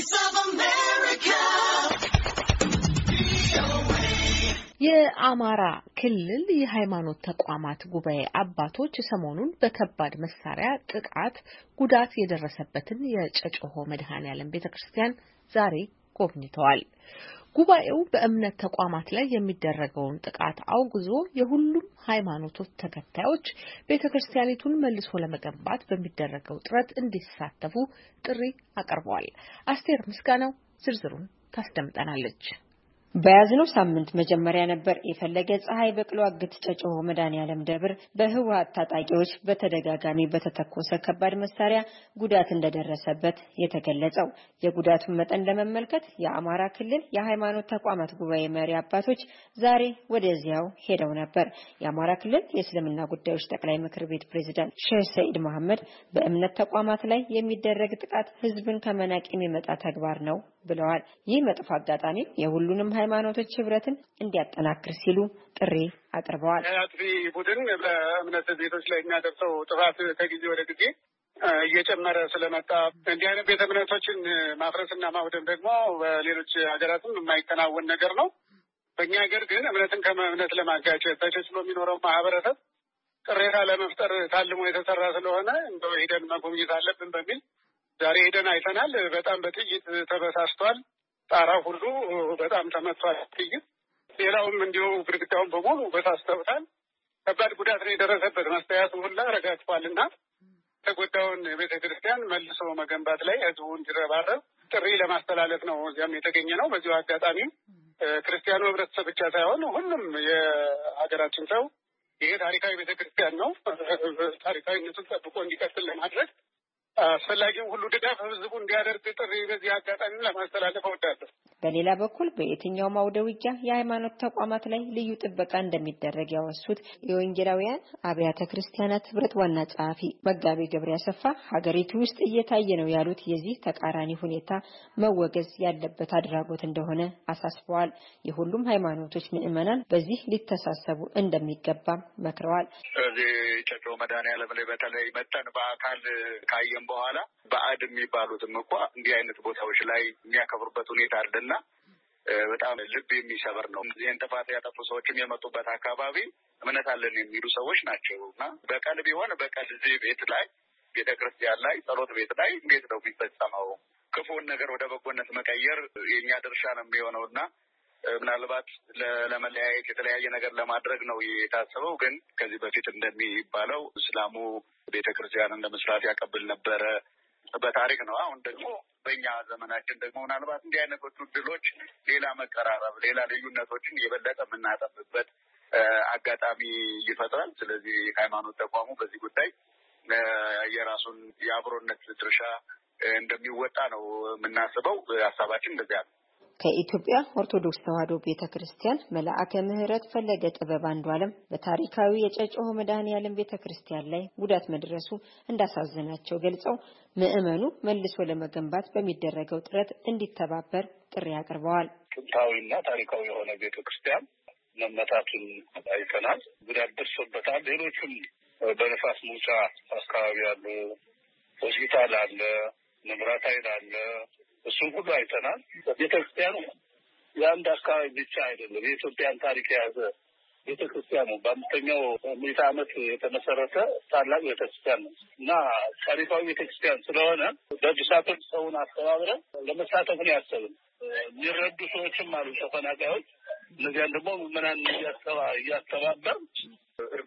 Voice of America. የአማራ ክልል የሃይማኖት ተቋማት ጉባኤ አባቶች ሰሞኑን በከባድ መሳሪያ ጥቃት ጉዳት የደረሰበትን የጨጨሆ መድኃኔ ዓለም ቤተ ክርስቲያን ዛሬ ጎብኝተዋል። ጉባኤው በእምነት ተቋማት ላይ የሚደረገውን ጥቃት አውግዞ የሁሉም ሃይማኖቶች ተከታዮች ቤተ ክርስቲያኒቱን መልሶ ለመገንባት በሚደረገው ጥረት እንዲሳተፉ ጥሪ አቅርበዋል። አስቴር ምስጋናው ዝርዝሩን ታስደምጠናለች። በያዝነው ሳምንት መጀመሪያ ነበር የፈለገ ፀሐይ በቅሎ አግት ጨጮሆ መድኃኔዓለም ደብር በህወሀት ታጣቂዎች በተደጋጋሚ በተተኮሰ ከባድ መሳሪያ ጉዳት እንደደረሰበት የተገለጸው። የጉዳቱን መጠን ለመመልከት የአማራ ክልል የሃይማኖት ተቋማት ጉባኤ መሪ አባቶች ዛሬ ወደዚያው ሄደው ነበር። የአማራ ክልል የእስልምና ጉዳዮች ጠቅላይ ምክር ቤት ፕሬዚዳንት ሼህ ሰኢድ መሐመድ በእምነት ተቋማት ላይ የሚደረግ ጥቃት ህዝብን ከመናቅ የሚመጣ ተግባር ነው ብለዋል። ይህ መጥፎ አጋጣሚ የሁሉንም ሃይማኖቶች ህብረትን እንዲያጠናክር ሲሉ ጥሪ አቅርበዋል። አጥፊ ቡድን በእምነት ቤቶች ላይ የሚያደርሰው ጥፋት ከጊዜ ወደ ጊዜ እየጨመረ ስለመጣ እንዲህ አይነት ቤተ እምነቶችን ማፍረስና ማውደም ደግሞ በሌሎች ሀገራትም የማይከናወን ነገር ነው። በእኛ ሀገር ግን እምነትን ከእምነት ለማጋጨት ተቻችሎ የሚኖረው ማህበረሰብ ቅሬታ ለመፍጠር ታልሞ የተሰራ ስለሆነ እንደው ሄደን መጎብኘት አለብን በሚል ዛሬ ሄደን አይተናል። በጣም በጥይት ተበሳስቷል። ጣራ ሁሉ በጣም ተመቷል ጥይት። ሌላውም እንዲሁ ግድግዳውን በሙሉ በሳስተውታል። ከባድ ጉዳት ነው የደረሰበት። መስተያቱ ሁላ ረጋግፏል እና ተጎዳውን ቤተ ክርስቲያን መልሶ መገንባት ላይ ህዝቡ እንዲረባረብ ጥሪ ለማስተላለፍ ነው እዚያም የተገኘ ነው። በዚሁ አጋጣሚ ክርስቲያኑ ህብረተሰብ ብቻ ሳይሆን ሁሉም የሀገራችን ሰው ይሄ ታሪካዊ ቤተ ክርስቲያን ነው ታሪካዊነቱን ጠብቆ እንዲቀጥል ለማድረግ አስፈላጊው ሁሉ ድጋፍ ህዝቡ እንዲያደርግ ጥሪ በዚህ አጋጣሚ ለማስተላለፍ እወዳለሁ። በሌላ በኩል በየትኛውም አውደ ውጊያ የሃይማኖት ተቋማት ላይ ልዩ ጥበቃ እንደሚደረግ ያወሱት የወንጌላውያን አብያተ ክርስቲያናት ህብረት ዋና ጸሐፊ መጋቤ ገብሬ አሰፋ ሀገሪቱ ውስጥ እየታየ ነው ያሉት የዚህ ተቃራኒ ሁኔታ መወገዝ ያለበት አድራጎት እንደሆነ አሳስበዋል። የሁሉም ሃይማኖቶች ምዕመናን በዚህ ሊተሳሰቡ እንደሚገባም መክረዋል። ስለዚህ ጨዶ መድኃኔዓለም ላይ በተለይ መጠን በአካል ካየን በኋላ በአድ የሚባሉትም እኳ እንዲህ አይነት ቦታዎች ላይ የሚያከብሩበት ሁኔታ አለና በጣም ልብ የሚሰብር ነው። ይህን ጥፋት ያጠፉ ሰዎችም የመጡበት አካባቢ እምነት አለን የሚሉ ሰዎች ናቸው እና በቀል ቢሆን በቀል እዚህ ቤት ላይ ቤተ ክርስቲያን ላይ ጸሎት ቤት ላይ እንዴት ነው የሚፈጸመው? ክፉውን ነገር ወደ በጎነት መቀየር የእኛ ድርሻ ነው የሚሆነው እና ምናልባት ለመለያየት የተለያየ ነገር ለማድረግ ነው የታሰበው። ግን ከዚህ በፊት እንደሚባለው እስላሙ ቤተ ክርስቲያንን ለመስራት ያቀብል ነበረ በታሪክ ነው። አሁን ደግሞ በእኛ ዘመናችን ደግሞ ምናልባት እንዲህ አይነቶቹ ድሎች ሌላ መቀራረብ፣ ሌላ ልዩነቶችን የበለጠ የምናጠብበት አጋጣሚ ይፈጥራል። ስለዚህ ሃይማኖት ተቋሙ በዚህ ጉዳይ የራሱን የአብሮነት ድርሻ እንደሚወጣ ነው የምናስበው። ሀሳባችን እንደዚያ ነው። ከኢትዮጵያ ኦርቶዶክስ ተዋሕዶ ቤተ ክርስቲያን መልአከ ምሕረት ፈለገ ጥበብ አንዱ ዓለም በታሪካዊ የጨጨሆ መድኃኔዓለም ቤተ ክርስቲያን ላይ ጉዳት መድረሱ እንዳሳዘናቸው ገልጸው ምዕመኑ መልሶ ለመገንባት በሚደረገው ጥረት እንዲተባበር ጥሪ አቅርበዋል። ጥንታዊና ታሪካዊ የሆነ ቤተ ክርስቲያን መመታቱን አይተናል። ጉዳት ደርሶበታል። ሌሎቹም በነፋስ መውጫ አካባቢ ያሉ ሆስፒታል አለ፣ መብራት ኃይል አለ እሱም ሁሉ አይተናል። ቤተክርስቲያኑ የአንድ አካባቢ ብቻ አይደለም። የኢትዮጵያን ታሪክ የያዘ ቤተክርስቲያኑ በአምስተኛው ምዕተ ዓመት የተመሰረተ ታላቅ ቤተክርስቲያን ነው እና ታሪካዊ ቤተክርስቲያን ስለሆነ በድሳቶች ሰውን አስተባብረን ለመሳተፍ ነው ያሰብን። የሚረዱ ሰዎችም አሉ፣ ተፈናቃዮች። እነዚያን ደግሞ ምናን እያስተባበር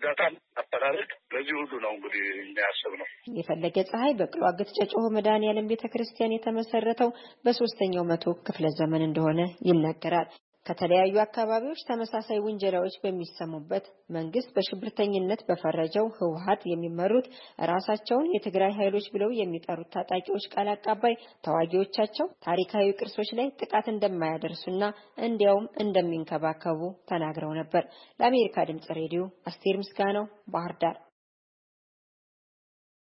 እርዳታም አፈላለግ ለዚህ ሁሉ ነው እንግዲህ እኛ ያሰብነው። የፈለገ ፀሐይ በቅሎ አገት ጨጮሆ መድኃኔዓለም ቤተ ክርስቲያን የተመሰረተው በሶስተኛው መቶ ክፍለ ዘመን እንደሆነ ይነገራል። ከተለያዩ አካባቢዎች ተመሳሳይ ውንጀላዎች በሚሰሙበት መንግስት በሽብርተኝነት በፈረጀው ህወሀት የሚመሩት ራሳቸውን የትግራይ ኃይሎች ብለው የሚጠሩት ታጣቂዎች ቃል አቀባይ ተዋጊዎቻቸው ታሪካዊ ቅርሶች ላይ ጥቃት እንደማያደርሱና እንዲያውም እንደሚንከባከቡ ተናግረው ነበር። ለአሜሪካ ድምጽ ሬዲዮ አስቴር ምስጋናው ባህር ዳር